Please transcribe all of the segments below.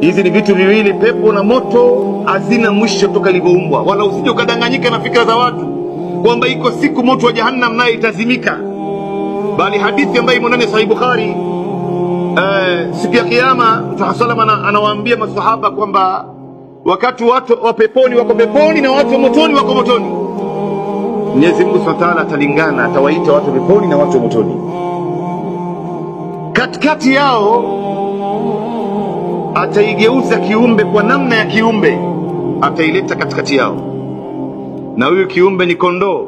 Hizi ni vitu viwili, pepo na moto, hazina mwisho toka ilivyoumbwa, wala usije ukadanganyika na fikra za watu kwamba iko siku moto wa jahannam naye itazimika, bali hadithi ambayo imo ndani ya Sahih Bukhari eh, siku ya Kiyama Mtume anawaambia masahaba kwamba wakati watu wa peponi wako peponi na watu wa motoni wako motoni. Mwenyezi Mungu Subhanahu wa Ta'ala atalingana, atawaita watu wa peponi na watu wa motoni, katikati yao ataigeuza kiumbe kwa namna ya kiumbe, ataileta katikati yao, na huyu kiumbe ni kondoo.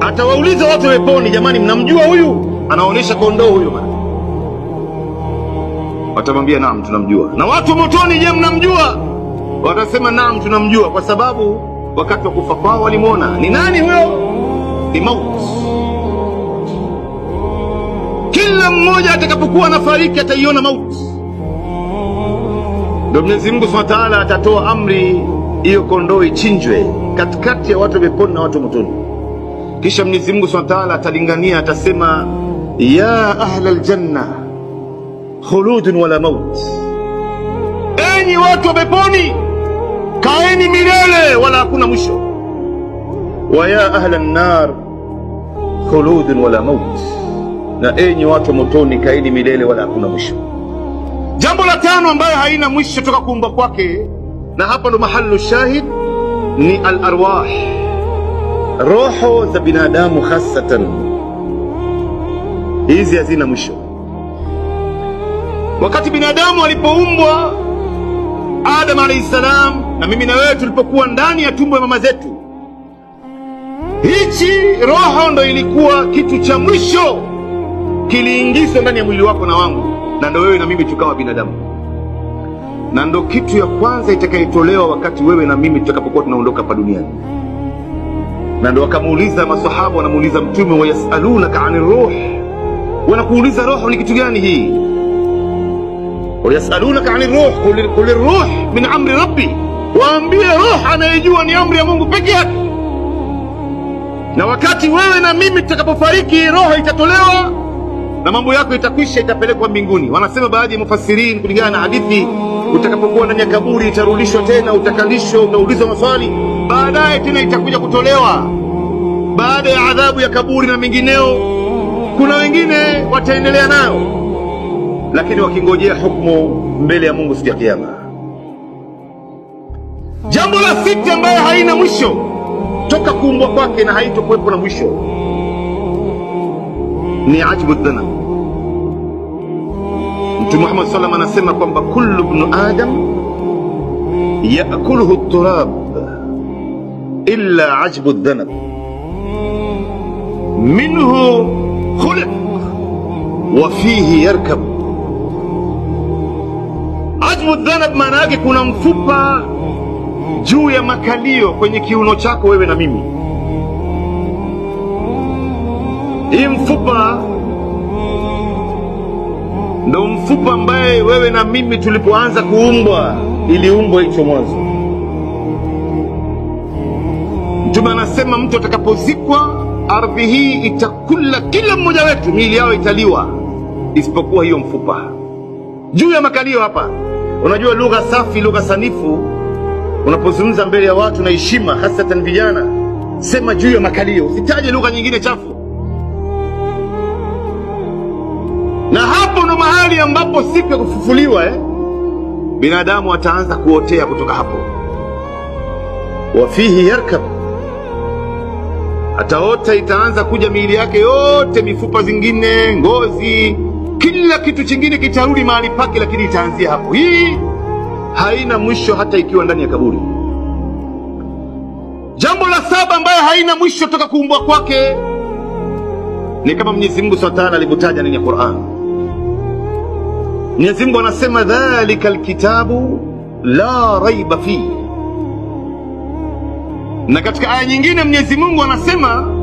Atawauliza watu peponi, jamani, mnamjua huyu? Anaonyesha kondoo huyu, watamwambia naam, tunamjua. Na watu motoni, je, mnamjua? Watasema naam, tunamjua, kwa sababu wakati wa kufa kwao walimwona. Ni nani huyo? Ni mauti. Kila mmoja atakapokuwa anafariki ataiona mauti. Ndio Mwenyezi Mungu Subhanahu wa Ta'ala atatoa amri hiyo kondoo ichinjwe katikati ya watu peponi na watu motoni. Kisha Mwenyezi Mungu Subhanahu wa Ta'ala atalingania, atasema ya ahlal janna khuludun wala maut, enyi watu wa peponi kaeni milele wala hakuna mwisho. Wa ya ahlan nar khuludun wala maut, na enyi watu wa motoni kaeni milele wala hakuna mwisho. Jambo la tano ambayo haina mwisho toka kuumba kwake, na hapa ndo mahalu shahid, ni alarwah, roho za binadamu hasatan, hizi hazina mwisho. Wakati binadamu alipoumbwa Adam alaihi salam, na mimi na wewe tulipokuwa ndani ya tumbo ya mama zetu, hichi roho ndo ilikuwa kitu cha mwisho kiliingizwa ndani ya mwili wako na wangu na ndo wewe na mimi tukawa binadamu, na ndo kitu ya kwanza itakayotolewa wakati wewe na mimi tutakapokuwa tunaondoka hapa duniani. Na ndo wakamuuliza masahaba, wanamuuliza Mtume, wayasalunaka ani ruh, wanakuuliza roho ni kitu gani hii? wayasalunaka ani ruh, kul ruh min amri rabbi, waambie roh anayejua ni amri ya Mungu peke yake. Na wakati wewe na mimi tutakapofariki roho itatolewa na mambo yako itakwisha, itapelekwa mbinguni. Wanasema baadhi ya mufasirini kulingana na hadithi, utakapokuwa ndani ya kaburi itarudishwa tena, utakalishwa, utaulizwa maswali, baadaye tena itakuja kutolewa baada ya adhabu ya kaburi na mengineo. Kuna wengine wataendelea nayo, lakini wakingojea hukumu mbele ya Mungu siku ya Kiyama. Jambo la sita ambayo haina mwisho toka kuumbwa kwake na haitokuwepo na mwisho ni ajibu dhana Mtume Muhammad sallam anasema kwamba kullu ibn adam yaakuluhu turab illa ajbu dhanab minhu khuliq wa fihi yarkab. Ajbu dhanab maana yake kuna mfupa juu ya makalio kwenye kiuno chako wewe na mimi, hii mfupa ndo mfupa ambaye wewe na mimi tulipoanza kuumbwa iliumbwa hicho mwanzo. Mtume anasema mtu atakapozikwa, ardhi hii itakula kila mmoja wetu, miili yao italiwa isipokuwa hiyo mfupa juu ya makalio hapa. Unajua lugha safi, lugha sanifu, unapozungumza mbele ya watu na heshima, hasatan vijana, sema juu ya makalio, usitaje lugha nyingine chafu. hapo ndo mahali ambapo siku ya kufufuliwa eh, binadamu ataanza kuotea kutoka hapo. Wafihi yarkab, ataota, itaanza kuja miili yake yote, mifupa zingine, ngozi, kila kitu chingine kitarudi mahali pake, lakini itaanzia hapo. Hii haina mwisho hata ikiwa ndani ya kaburi. Jambo la saba ambayo haina mwisho toka kuumbwa kwake ni kama Mwenyezi Mungu Subhanahu wa Ta'ala alivyotaja ndani ya Qur'an Mwenyezi Mungu anasema dhalika alkitabu la raiba fihi, na katika aya nyingine Mwenyezi Mungu anasema